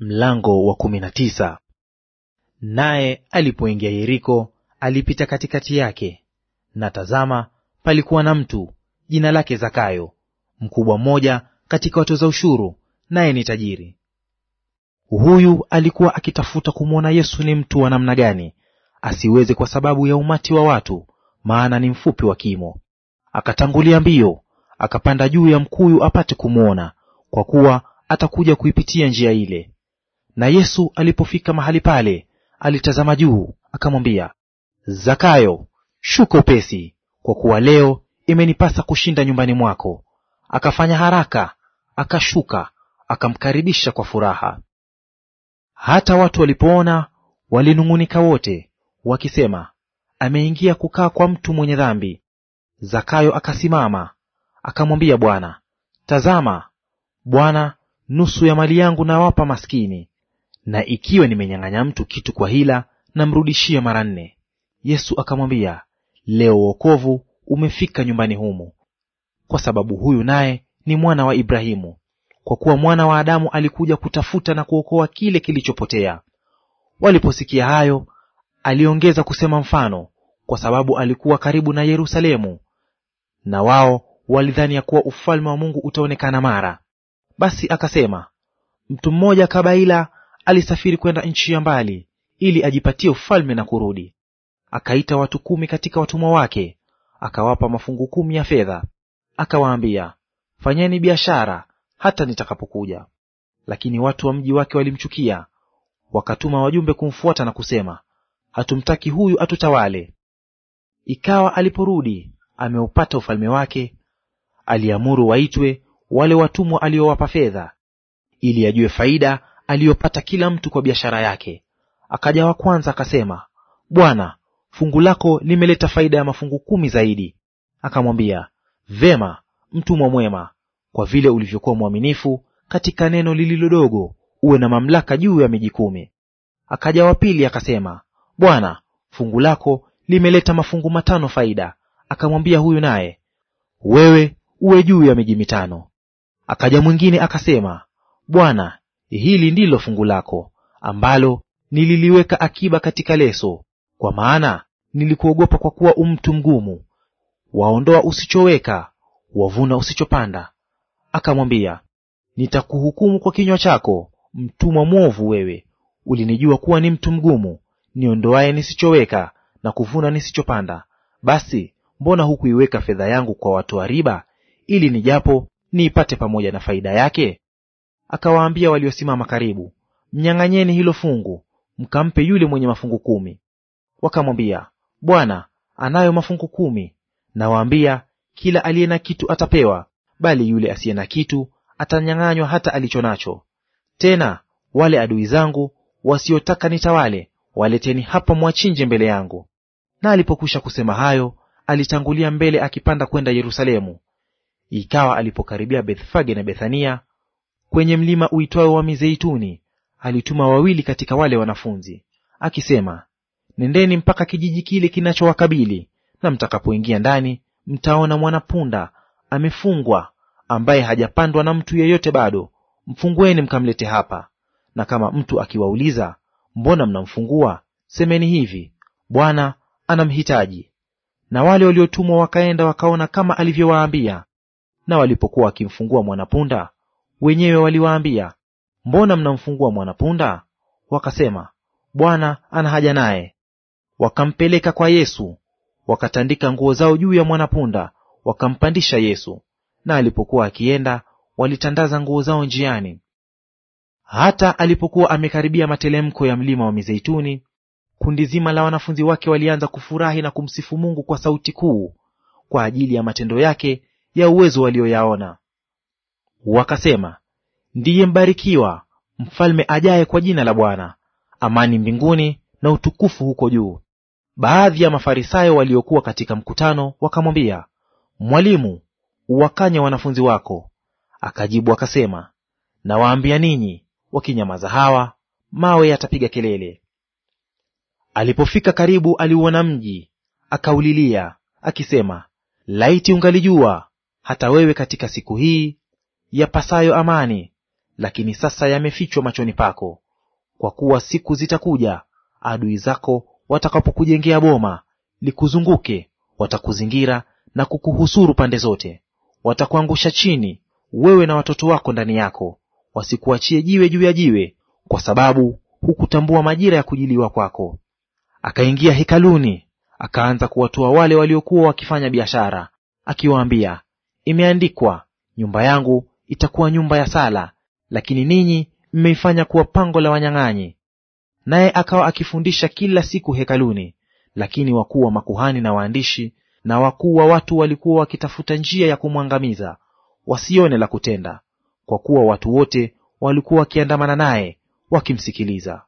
Mlango wa kumi na tisa. Naye alipoingia Yeriko, alipita katikati yake, na tazama, palikuwa na mtu jina lake Zakayo, mkubwa mmoja katika watoza ushuru, naye ni tajiri. Huyu alikuwa akitafuta kumwona Yesu ni mtu wa namna gani, asiweze kwa sababu ya umati wa watu, maana ni mfupi wa kimo. Akatangulia mbio, akapanda juu ya mkuyu apate kumwona, kwa kuwa atakuja kuipitia njia ile. Na Yesu alipofika mahali pale, alitazama juu, akamwambia Zakayo, shuka upesi, kwa kuwa leo imenipasa kushinda nyumbani mwako. Akafanya haraka, akashuka, akamkaribisha kwa furaha. Hata watu walipoona walinung'unika wote, wakisema, ameingia kukaa kwa mtu mwenye dhambi. Zakayo akasimama akamwambia Bwana, tazama Bwana, nusu ya mali yangu nawapa maskini, na ikiwa nimenyang'anya mtu kitu kwa hila, namrudishie mara nne. Yesu akamwambia, leo wokovu umefika nyumbani humu, kwa sababu huyu naye ni mwana wa Ibrahimu, kwa kuwa mwana wa Adamu alikuja kutafuta na kuokoa kile kilichopotea. Waliposikia hayo, aliongeza kusema mfano, kwa sababu alikuwa karibu na Yerusalemu, na wao walidhani ya kuwa ufalme wa Mungu utaonekana mara. Basi akasema, mtu mmoja kabaila alisafiri kwenda nchi ya mbali ili ajipatie ufalme na kurudi. Akaita watu kumi katika watumwa wake, akawapa mafungu kumi ya fedha, akawaambia, fanyeni biashara hata nitakapokuja. Lakini watu wa mji wake walimchukia, wakatuma wajumbe kumfuata na kusema, hatumtaki huyu atutawale. Ikawa aliporudi ameupata ufalme wake, aliamuru waitwe wale watumwa aliowapa fedha, ili ajue faida aliyopata kila mtu kwa biashara yake. Akaja wa kwanza akasema, Bwana, fungu lako limeleta faida ya mafungu kumi zaidi. Akamwambia, vema, mtumwa mwema, kwa vile ulivyokuwa mwaminifu katika neno lililodogo, uwe na mamlaka juu ya miji kumi. Akaja wa pili akasema, Bwana, fungu lako limeleta mafungu matano faida. Akamwambia huyu naye, wewe uwe juu ya miji mitano. Akaja mwingine akasema, Bwana, Hili ndilo fungu lako ambalo nililiweka akiba katika leso, kwa maana nilikuogopa, kwa kuwa umtu mgumu, waondoa usichoweka, wavuna usichopanda. Akamwambia, nitakuhukumu kwa kinywa chako, mtumwa mwovu wewe. Ulinijua kuwa ni mtu mgumu, niondoaye nisichoweka na kuvuna nisichopanda. Basi mbona hukuiweka fedha yangu kwa watoa riba, ili nijapo niipate pamoja na faida yake? akawaambia waliosimama karibu, mnyang'anyeni hilo fungu mkampe yule mwenye mafungu kumi. Wakamwambia, Bwana, anayo mafungu kumi. Nawaambia, kila aliye na kitu atapewa, bali yule asiye na kitu atanyang'anywa hata alicho nacho. Tena wale adui zangu wasiotaka nitawale, waleteni hapa, mwachinje mbele yangu. Na alipokwisha kusema hayo, alitangulia mbele akipanda kwenda Yerusalemu. Ikawa alipokaribia Bethfage na Bethania, kwenye mlima uitwao wa Mizeituni alituma wawili katika wale wanafunzi akisema, nendeni mpaka kijiji kile kinachowakabili, na mtakapoingia ndani mtaona mwanapunda amefungwa, ambaye hajapandwa na mtu yeyote bado; mfungueni mkamlete hapa. Na kama mtu akiwauliza, mbona mnamfungua? Semeni hivi, Bwana anamhitaji. Na wale waliotumwa wakaenda wakaona kama alivyowaambia. Na walipokuwa wakimfungua mwanapunda, Wenyewe waliwaambia, mbona mnamfungua mwanapunda? Wakasema, Bwana ana haja naye. Wakampeleka kwa Yesu, wakatandika nguo zao juu ya mwanapunda, wakampandisha Yesu. Na alipokuwa akienda, walitandaza nguo zao njiani. Hata alipokuwa amekaribia matelemko ya mlima wa Mizeituni, kundi zima la wanafunzi wake walianza kufurahi na kumsifu Mungu kwa sauti kuu, kwa ajili ya matendo yake ya uwezo walioyaona. Wakasema, ndiye mbarikiwa mfalme ajaye kwa jina la Bwana, amani mbinguni na utukufu huko juu. Baadhi ya Mafarisayo waliokuwa katika mkutano wakamwambia, Mwalimu, uwakanya wanafunzi wako. Akajibu akasema, nawaambia ninyi, wakinyamaza hawa, mawe yatapiga kelele. Alipofika karibu, aliuona mji, akaulilia akisema, laiti ungalijua hata wewe katika siku hii yapasayo amani, lakini sasa yamefichwa machoni pako. Kwa kuwa siku zitakuja adui zako watakapokujengea boma likuzunguke, watakuzingira na kukuhusuru pande zote, watakuangusha chini, wewe na watoto wako ndani yako, wasikuachie jiwe juu ya jiwe, kwa sababu hukutambua majira ya kujiliwa kwako. Akaingia hekaluni akaanza kuwatoa wale waliokuwa wakifanya biashara, akiwaambia, imeandikwa, nyumba yangu itakuwa nyumba ya sala, lakini ninyi mmeifanya kuwa pango la wanyang'anyi. Naye akawa akifundisha kila siku hekaluni, lakini wakuu wa makuhani na waandishi na wakuu wa watu walikuwa wakitafuta njia ya kumwangamiza, wasione la kutenda, kwa kuwa watu wote walikuwa wakiandamana naye wakimsikiliza.